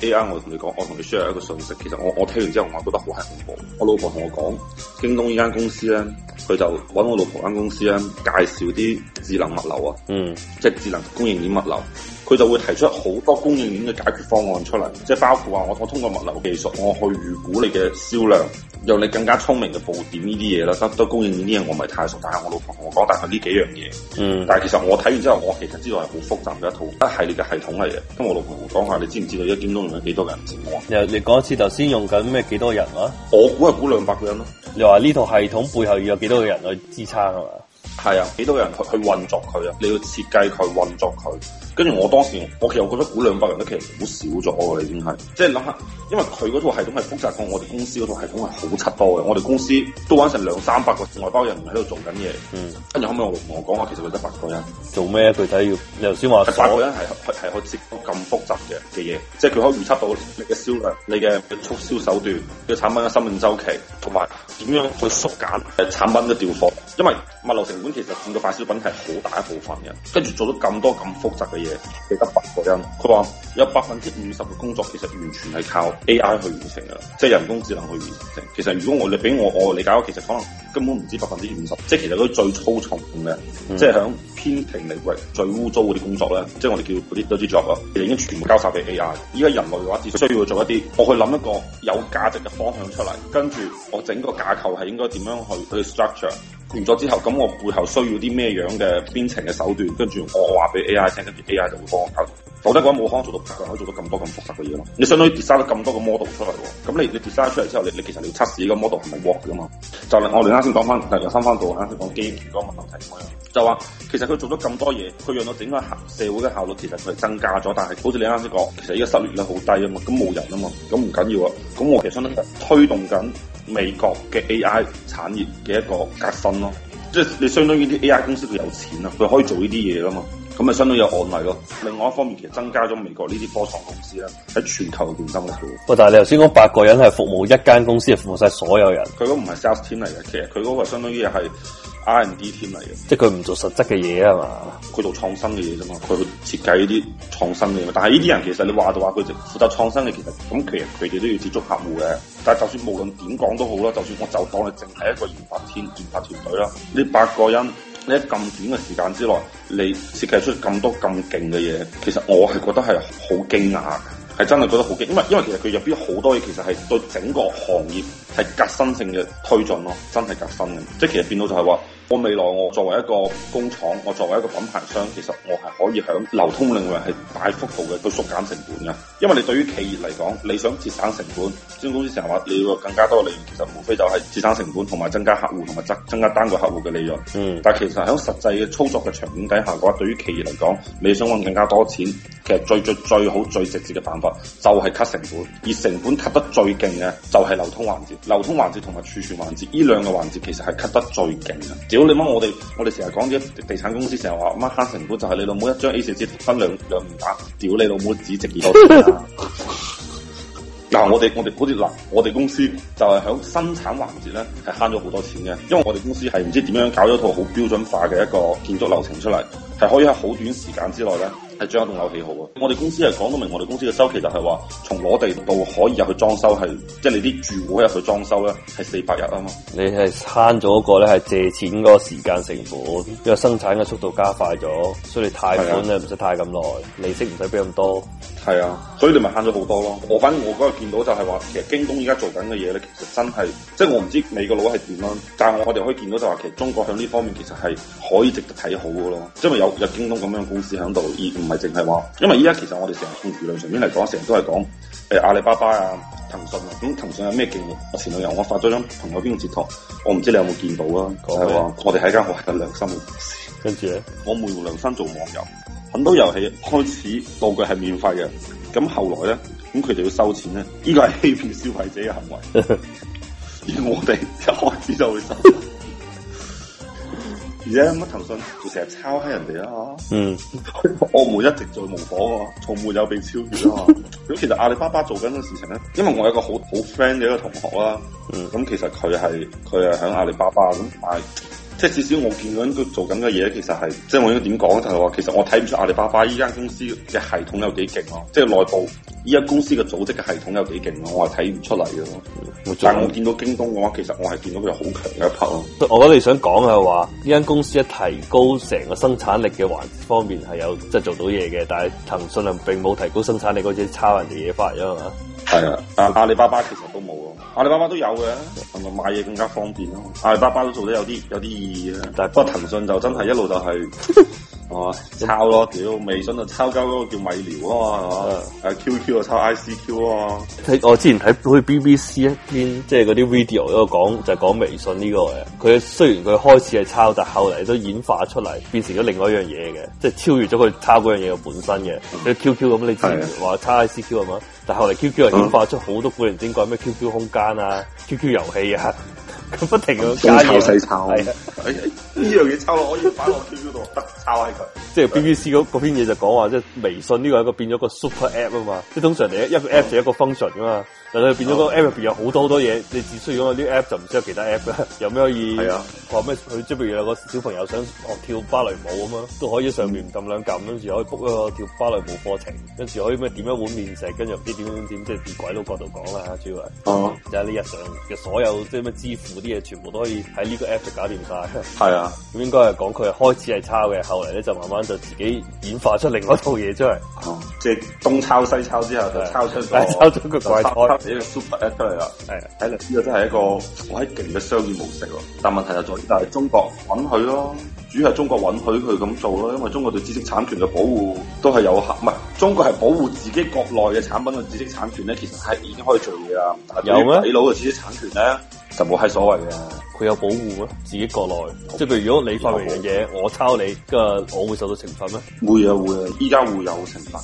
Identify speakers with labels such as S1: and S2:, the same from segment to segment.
S1: A I，我同你講，我同你 share 一個信息。其實我我聽完之後，我覺得好係恐怖。我老婆同我講，京東依間公司咧，佢就揾我老婆間公司咧，介紹啲智能物流啊，嗯，即係智能供應鏈物流。佢就會提出好多供應鏈嘅解決方案出嚟，即係包括啊，我我通過物流技術，我去預估你嘅銷量，讓你更加聰明嘅佈點呢啲嘢啦。都都供應鏈啲嘢我唔係太熟，但係我老婆同我講，但係呢幾樣嘢，嗯，但係其實我睇完之後，我其實知道係好複雜嘅一套一系列嘅系統嚟嘅。咁我老婆同我講下，你知唔知道而家京東用咗幾多人？我你你講一次，
S2: 頭先用緊咩幾多人啊？
S1: 我估係估兩百個人咯啊。
S2: 你話呢套系統背後要有幾多個人
S1: 去支撐啊？係啊，幾多人去去運作佢啊？你要設計佢運作佢。跟住我當時，我其實我覺得估兩百人咧，其實好少咗喎。你先係，即係諗下，因為佢嗰套系統係複雜過我哋公司嗰套系統係好七多嘅。我哋公司都玩成兩三百個外包人喺度做緊嘢。嗯，跟住可唔可以同我講下，其實佢得八個人
S2: 做咩？具體要？你頭先話八個人
S1: 係係可以接到咁複雜嘅嘅嘢，即係佢可以預測到你嘅銷量、你嘅促銷手段、嘅產品嘅生命周期，同埋點樣去縮減誒產品嘅調貨。因為物流成本其實佔到快消品係好大一部分嘅。跟住做咗咁多咁複雜嘅嘢。記得八個音。佢話有百分之五十嘅工作，其實完全係靠 A I 去完成嘅，是的 即係人工智能去完成。其實如果我你俾我我理解，我其實可能根本唔知百分之五十，即係其實都最粗重嘅，嗯，即係響偏庭嚟講最污糟嗰啲工作咧，即係我哋叫嗰啲都知其啦，其實已經全部交晒俾 A I。依家人類嘅話，只需要做一啲，我去諗一個有價值嘅方向出嚟，跟住我整個架構係應該點樣去去 structure。完咗之後，咁我背後需要啲咩樣嘅編程嘅手段，跟住我話俾 AI 聽，跟住 AI 就會幫我搞。否則嘅話，冇可能做到，冇可以做到咁多咁複雜嘅嘢咯。你相當於 design 咗咁多個 model 出嚟喎，咁你你 design 出嚟之後，你你其實你要測試個 model 係咪 work 噶嘛？就係我哋啱先講翻，突然間翻到啱先講機器人個問題。就話其實佢做咗咁多嘢，佢讓到整個社會嘅效率其實佢係增加咗，但係好似你啱先講，其實依個失業率好低啊嘛，咁冇人啊嘛，咁唔緊要啊，咁我其實想推動緊。美國嘅 AI 產業嘅一個革新咯，即係你相當於啲 AI 公司佢有錢啊，佢可以做呢啲嘢噶嘛，咁啊相當於有案例咯。另外一方面其實增加咗美國呢啲科創公司啦喺全球嘅競爭力
S2: 嘅。但係你頭先講八個人係服務一間公司，係服務晒所有人。
S1: 佢嗰唔係 sales team 嚟嘅，其實佢嗰個相當於係。R&D 添嚟嘅，即係佢唔做實質嘅嘢啊嘛，佢做創新嘅嘢啫嘛，佢去設計呢啲創新嘅嘢。但係呢啲人其實你話就話佢就負責創新嘅，其實咁其實佢哋都要接觸客戶嘅。但係就算無論點講都好啦，就算我就當你淨係一個研發天研發團隊啦，呢八個人你喺咁短嘅時間之內，你設計出咁多咁勁嘅嘢，其實我係覺得係好驚訝嘅，係真係覺得好驚訝。因為因為其實佢入邊好多嘢，其實係對整個行業係革新性嘅推進咯，真係革新嘅。即係其實變到就係話。我未來我作為一個工廠，我作為一個品牌商，其實我係可以響流通領域係大幅度嘅去縮減成本㗎。因為你對於企業嚟講，你想節省成本，諮詢公司成日話你要更加多嘅利潤，其實無非就係節省成本同埋增加客戶同埋增增加單個客戶嘅利潤。嗯，但係其實喺實際嘅操作嘅場景底下嘅話，對於企業嚟講，你想搵更加多錢。其實最最最好最直接嘅辦法就係 cut 成本，而成本 cut 得最勁嘅就係流通環節、流通環節同埋儲存環節，呢兩個環節其實係 cut 得最勁嘅。屌你媽！我哋我哋成日講啲地產公司成日話乜慳成本，就係你老母一張 A 四紙分兩兩面打，屌你老母只值幾多錢啊！我哋我哋好似嗱，我哋公司就係響生產環節咧，係慳咗好多錢嘅，因為我哋公司係唔知點樣搞咗套好標準化嘅一個建築流程出嚟。係可以喺好短時間之內咧，係將一棟樓起好嘅。我哋公司係講到明，我哋公司嘅週期就係話，從攞地到可以入去裝修，係即係你啲住戶入去裝修咧，係四百日啊嘛。
S2: 你係慳咗一個咧，係借錢嗰個時間成本，因為生產嘅速度加快咗，所以你貸款咧唔使太咁
S1: 耐，利息唔使俾咁多。係啊，所以你咪慳咗好多咯。我反正我嗰日見到就係話，其實京東而家做緊嘅嘢咧，其實真係即係我唔知美國佬係點咯，但係我哋可以見到就係話，其實中國向呢方面其實係可以值得睇好嘅咯，因為有。入京東咁樣嘅公司喺度，而唔係淨係話，因為依家其實我哋成日從輿論上面嚟講，成日都係講誒阿里巴巴啊、騰訊啊，咁、嗯、騰訊有咩勁嘅？我前兩日我發咗張朋友圈嘅截圖，我唔知你有冇見到啊？係話我哋係一間好良心嘅公司，跟住咧，我冇用良心做網遊，很多遊戲開始道具係免費嘅，咁後來咧，咁佢哋要收錢咧，呢、這個係欺騙消費者嘅行為，而 我哋一開始就會收。 而家乜啊，騰訊佢成日抄黑人哋啊，嚇！嗯，我冇 一直在模仿啊，從沒有被超越啊嘛。咁 其實阿里巴巴做緊嘅事情咧，因為我有個好好 friend 嘅一個同學啦，嗯，咁、嗯、其實佢係佢係喺阿里巴巴咁，嗯、但即係至少我見到佢做緊嘅嘢，其實係，即係我應該點講咧？就係話，其實我睇唔出阿里巴巴呢間公司嘅系統有幾勁咯，即係內部呢間公司嘅組織嘅系統有幾勁咯，我係睇唔出嚟嘅。但係我見到京東嘅話，其實我係見到佢好強嘅一 part 咯。我諗你想講
S2: 嘅話呢間公司一提高成個生產力嘅環方面係有即係做到嘢嘅，但係騰訊量並冇提高生產力，佢只抄人哋嘢翻嚟啊嘛。係啊、嗯，但係阿里巴巴
S1: 其實都。阿里巴巴都有嘅，同埋買嘢更加方便咯。阿里巴巴都做得有啲意義嘅，但係不過騰訊就真係一路就係、是。 哦，抄咯，屌、嗯！微信就抄交嗰個叫米聊咯，嘛、嗯？啊，Q Q 啊，
S2: 抄 I C Q 啊！睇我之前睇去 B B C 一篇，即係嗰啲 video 喺度講，就講、是就是、微信呢、這個嘅。佢雖然佢開始係抄，但後嚟都演化出嚟，變成咗另外一樣嘢嘅，即係超越咗佢抄嗰樣嘢嘅本身嘅。你、嗯、Q Q 咁、啊，你自然話抄 I C Q 係嘛？但後嚟 Q Q 又演化出好多古靈精怪，咩 Q Q 空間啊，Q Q 遊戲啊，佢不停咁加嘢，細抄、嗯。
S1: 呢樣
S2: 嘢抄落可以擺落 QQ 度， 抄喺佢。 即係 B B C 嗰篇嘢就講話，即係微信呢個係一個變咗個 super app 啊嘛。即係通常你一個 app 就一個 function 噶嘛，嗯、但係變咗個 app 入邊有好多好多嘢，你只需要呢個 app 就唔需要其他 app 啦。有咩可以？係啊。話咩？佢即譬如有個小朋友想學跳芭蕾舞啊嘛，都可以喺上面撳兩撳，跟住可以 book 一個跳芭蕾舞課程，跟住可以咩點一碗麵食，跟住唔知點點點，即係變鬼佬角度講啦，主要。哦、嗯。嗯、就係呢日常嘅所有即係咩支付啲嘢，全部都可以喺呢個 app 度搞掂晒。係、嗯、 啊。咁應該係講佢開始係抄嘅，後嚟咧就慢慢就自己演化出另一套
S1: 嘢出嚟， 即係東抄西抄之後就抄出，那個，抄出個怪咖，一個 super app 對出嚟啦。係對，睇嚟呢個真係一個好閪勁嘅商業模式咯。對但問題就在於但係中國允許咯，主要係中國允許佢咁做咯，因為中國對知識產權嘅保護都係有限，唔係中國係保護自己國內嘅產品嘅知識產權咧，其實係已經可以做到嘅。有咩？鬼佬嘅知識產權咧？有
S2: 就冇係所謂嘅，佢有保護啊，自己國內。護即係譬如如果你發明嘅嘢，我抄你，咁啊，我會受到懲罰咩、啊？會啊會啊，依家會有懲罰。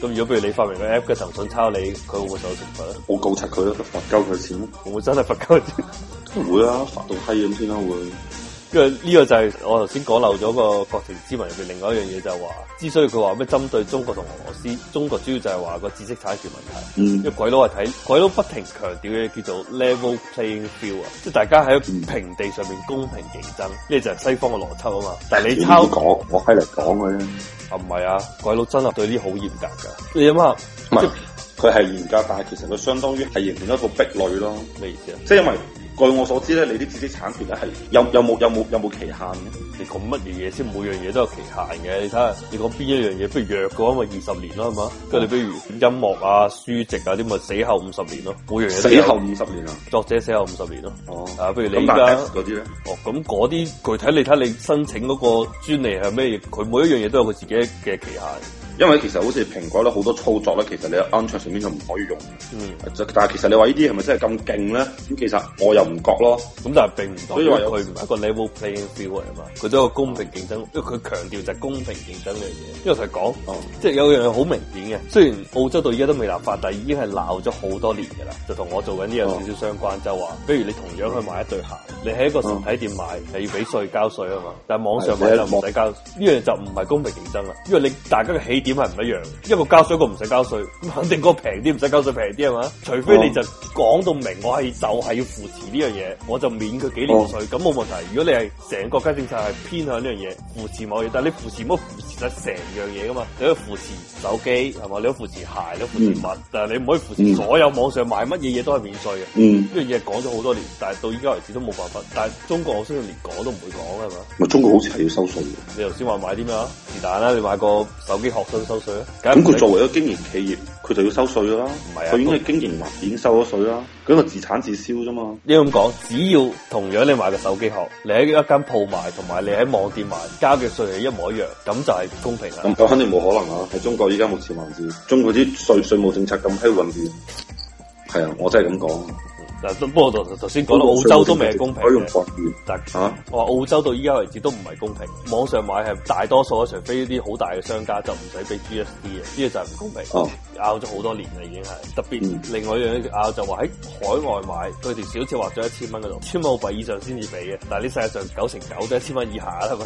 S2: 咁的如果譬如你發明個 app 嘅騰訊抄你，佢會唔會受到懲罰咧？我告柒佢咯，罰鳩佢錢。我唔會，會真係罰鳩佢錢？都唔會啊，咁閪咁先啦會。跟住呢個就係我頭先講漏咗個國情咨文入邊另外一樣嘢，就係話之所以佢話咩針對中國同俄羅斯，中國主要就係話個知識產權問題。嗯，因為鬼佬係睇鬼佬不停強調嘅叫做 level playing field 啊，即係大家喺平地上面公平競爭，呢、嗯、就係西方嘅邏輯啊嘛。但係你抄講，我喺嚟講佢咧，啊唔係啊，鬼佬真係對呢好嚴格㗎。你諗下，唔係
S1: 佢係嚴格，但係其實佢相當於係形成一個壁壘咯。咩意思啊？即係因為。據我所知咧，你啲知識產權咧係有有冇有冇有冇期限嘅？你講乜嘢嘢先？每樣嘢都有期限嘅。你睇下，你講邊一樣嘢？不如藥
S2: 嘅話，咪二十年咯，係嘛？即係、哦、你，比如音樂啊、書籍啊啲咪死後五十年咯，每樣嘢死後五十年啊。作者死後五十年咯。哦，啊，譬如你咁但嗰啲咧？哦，咁嗰啲
S1: 具體你睇你申請嗰個專利係咩？佢每一樣嘢都有佢自己嘅期限。因為其實好似蘋果咧好多操作咧，其實你喺安卓上面就唔可以用。嗯。但係其實你話呢啲係咪真係咁勁咧？咁其實我又唔覺咯。咁但係並唔代表佢唔係一個 level
S2: playing field 啊嘛。佢都係公平競爭，因為佢強調就係公平競爭嘅嘢。因為佢成日講，嗯、即係有樣嘢好明顯嘅，雖然澳洲到而家都未立法，但係已經係鬧咗好多年㗎啦。就同我做緊呢樣少少相關，嗯、就話，比如你同樣去買一對鞋，你喺一個實體店買你、嗯、要俾稅交稅啊嘛，但係網上買就唔使交。呢、嗯、樣就唔係公平競爭啦，因為你大家嘅起。點係唔一樣，一個交稅一個唔使交稅，咁肯定個平啲，唔使交稅平啲係嘛？除非、oh. 你就講到明，我係就係要扶持呢樣嘢，我就免佢幾年稅，咁冇、oh. 問題。如果你係成個國家政策係偏向呢樣嘢，扶持某嘢，但係你扶持乜？扶持晒成樣嘢噶嘛？你去扶持手機係嘛？你去扶持鞋，你去扶持襪，但係你唔可以扶持所有、mm. 網上買乜嘢嘢都係免稅嘅。呢樣嘢講咗好多年，但係到依家為止都冇辦法。但係中國我相信連講都唔會講，係嘛？
S1: 中國好似係要收稅。
S2: 你頭先話買啲咩啊？是但啦，你買個手機殼。
S1: 收稅咯，咁佢作為一個經營企業，佢就要收稅啦。唔係啊，佢應該經營完已經收咗稅啦。佢因為自產自銷啫嘛。
S2: 你咁講，只要同樣你買個手機殼，你喺一間鋪賣，同埋你喺網店賣，交嘅稅係一模一樣，咁就係公平啦。咁肯
S1: 定冇可能啊！喺中國依家目前環境，中國啲稅稅務政策咁喺度混亂，係啊，我真係咁講。
S2: 嗱，不過頭頭先講到澳洲都未係公平嘅，
S1: 但嚇，
S2: 我話、啊、澳洲到依家為止都唔係公平。網上買係大多數，除非啲好大嘅商家就唔使俾 GST 嘅，呢個就係唔公平。拗咗好多年啦，已經係。特別、嗯、另外一樣拗就話喺海外買，佢哋小似話咗一千蚊嗰度，千澳幣以上先至俾嘅，但係呢世界上九成九都一千蚊以下啦嘛。